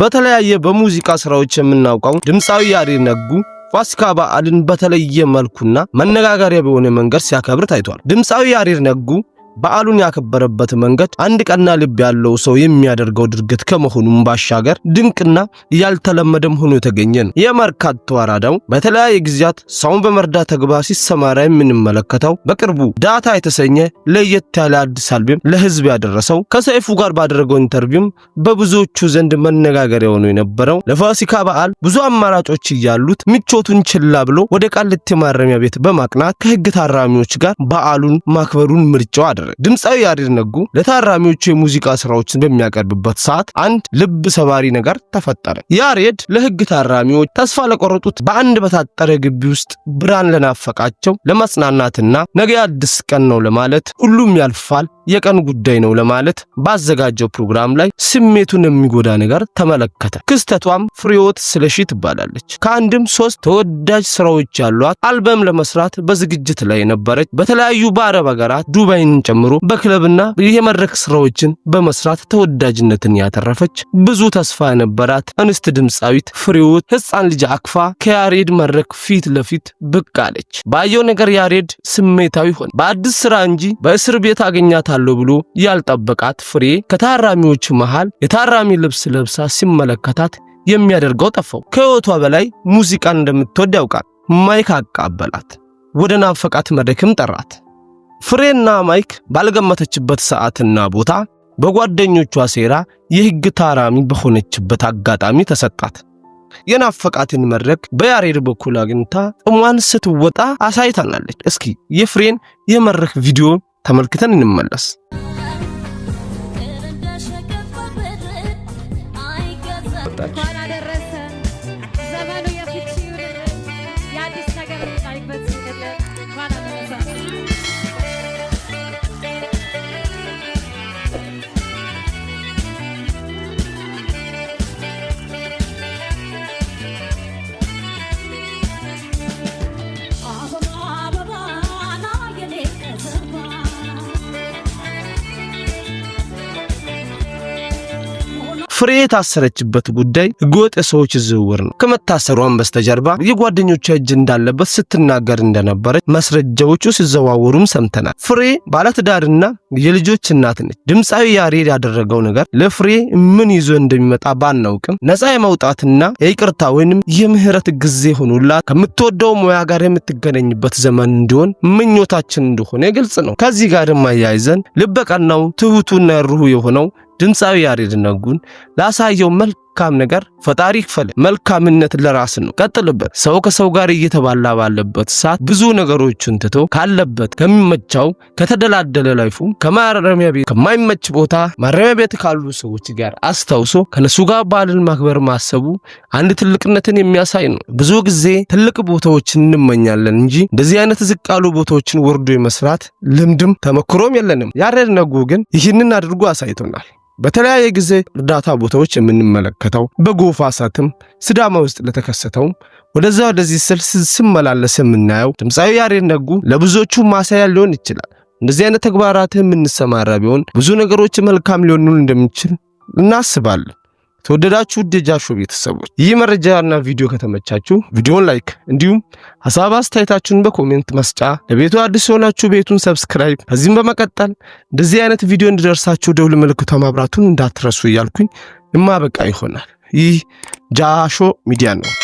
በተለያየ በሙዚቃ ስራዎች የምናውቀው ድምፃዊ ያሬድ ነጉ ፋሲካ በዓልን በተለየ መልኩና መነጋገሪያ በሆነ መንገድ ሲያከብር ታይቷል። ድምፃዊ ያሬድ ነጉ በዓሉን ያከበረበት መንገድ አንድ ቀና ልብ ያለው ሰው የሚያደርገው ድርጊት ከመሆኑም ባሻገር ድንቅና ያልተለመደም ሆኖ የተገኘ ነው። የመርካቶ አራዳው በተለያየ ጊዜያት ሰውን በመርዳት ተግባር ሲሰማራ የምንመለከተው በቅርቡ ዳታ የተሰኘ ለየት ያለ አዲስ አልበም ለህዝብ ያደረሰው ከሰይፉ ጋር ባደረገው ኢንተርቪውም በብዙዎቹ ዘንድ መነጋገሪያ ሆኖ የነበረው ለፋሲካ በዓል ብዙ አማራጮች እያሉት ምቾቱን ችላ ብሎ ወደ ቃሊቲ ማረሚያ ቤት በማቅናት ከህግ ታራሚዎች ጋር በዓሉን ማክበሩን ምርጫው አደረገ። ድምፃዊ ያሬድ ነጉ ለታራሚዎቹ የሙዚቃ ስራዎችን በሚያቀርብበት ሰዓት አንድ ልብ ሰባሪ ነገር ተፈጠረ። ያሬድ ለህግ ታራሚዎች፣ ተስፋ ለቆረጡት፣ በአንድ በታጠረ ግቢ ውስጥ ብርሃን ለናፈቃቸው ለማጽናናትና ነገ አዲስ ቀን ነው ለማለት ሁሉም ያልፋል የቀን ጉዳይ ነው ለማለት ባዘጋጀው ፕሮግራም ላይ ስሜቱን የሚጎዳ ነገር ተመለከተ። ክስተቷም ፍሬዎት ስለሺ ትባላለች። ከአንድም ሶስት ተወዳጅ ስራዎች ያሏት አልበም ለመስራት በዝግጅት ላይ ነበረች በተለያዩ በአረብ ሀገራት ዱባይን ጨምሮ ጀምሮ በክለብና የመድረክ ስራዎችን በመስራት ተወዳጅነትን ያተረፈች ብዙ ተስፋ የነበራት እንስት ድምፃዊት ፍሬህይወት ህፃን ልጅ አቅፋ ከያሬድ መድረክ ፊት ለፊት ብቅ አለች። ባየው ነገር ያሬድ ስሜታዊ ሆነ። በአዲስ ስራ እንጂ በእስር ቤት አገኛታለሁ ብሎ ያልጠበቃት ፍሬ ከታራሚዎች መሃል የታራሚ ልብስ ለብሳ ሲመለከታት የሚያደርገው ጠፋው። ከህይወቷ በላይ ሙዚቃን እንደምትወድ ያውቃል። ማይክ አቃበላት። ወደ ናፈቃት መድረክም ጠራት። ፍሬና ማይክ ባልገመተችበት ሰዓትና ቦታ በጓደኞቿ ሴራ የሕግ ታራሚ በሆነችበት አጋጣሚ ተሰጣት። የናፈቃትን መድረክ በያሬድ በኩል አግኝታ ጥሟን ስትወጣ አሳይታናለች። እስኪ የፍሬን የመድረክ ቪዲዮ ተመልክተን እንመለስ። ወጣች ፍሬ የታሰረችበት ጉዳይ ህገወጥ የሰዎች ዝውውር ነው። ከመታሰሯን በስተጀርባ የጓደኞቿ እጅ እንዳለበት ስትናገር እንደነበረች መስረጃዎቹ ሲዘዋወሩም ሰምተናል። ፍሬ ባለትዳርና የልጆች እናት ነች። ድምፃዊ ያሬድ ያደረገው ነገር ለፍሬ ምን ይዞ እንደሚመጣ ባናውቅም ነፃ የመውጣትና የይቅርታ ወይንም የምህረት ጊዜ ሆኖላት ከምትወደው ሙያ ጋር የምትገናኝበት ዘመን እንዲሆን ምኞታችን እንደሆነ ግልጽ ነው። ከዚህ ጋርም አያይዘን ልበቀናው ትሁቱና ሩሁ የሆነው ድምፃዊ ያሬድ ነጉን ላሳየው መልካም ነገር ፈጣሪ ይክፈል። መልካምነት ለራስ ነው፣ ቀጥልበት። ሰው ከሰው ጋር እየተባላ ባለበት ሰዓት ብዙ ነገሮችን ትቶ ካለበት ከሚመቻው ከተደላደለ ላይፉ ከማረሚያ ቤት ከማይመች ቦታ ማረሚያ ቤት ካሉ ሰዎች ጋር አስታውሶ ከነሱ ጋር በዓልን ማክበር ማሰቡ አንድ ትልቅነትን የሚያሳይ ነው። ብዙ ጊዜ ትልቅ ቦታዎችን እንመኛለን እንጂ እንደዚህ አይነት ዝቅ ያሉ ቦታዎችን ወርዶ የመስራት ልምድም ተመክሮም የለንም። ያሬድ ነጉ ግን ይህንን አድርጎ አሳይቶናል። በተለያየ ጊዜ እርዳታ ቦታዎች የምንመለከተው በጎፋ እሳትም ስዳማ ውስጥ ለተከሰተውም ወደዛ ወደዚህ ስል ስመላለስ የምናየው ድምፃዊ ያሬድ ነጉ ለብዙዎቹ ማሳያ ሊሆን ይችላል። እንደዚህ አይነት ተግባራት የምንሰማራ ቢሆን ብዙ ነገሮች መልካም ሊሆኑን እንደሚችል እናስባለን። ተወደዳችሁ ውድ የጃሾ ቤተሰቦች ይህ መረጃና ቪዲዮ ከተመቻችሁ ቪዲዮን ላይክ እንዲሁም ሀሳብ አስተያየታችሁን በኮሜንት መስጫ ለቤቱ አዲስ የሆናችሁ ቤቱን ሰብስክራይብ፣ ከዚህም በመቀጠል እንደዚህ አይነት ቪዲዮ እንዲደርሳችሁ ደውል ምልክቷ ማብራቱን እንዳትረሱ እያልኩኝ የማበቃ ይሆናል። ይህ ጃሾ ሚዲያ ነው።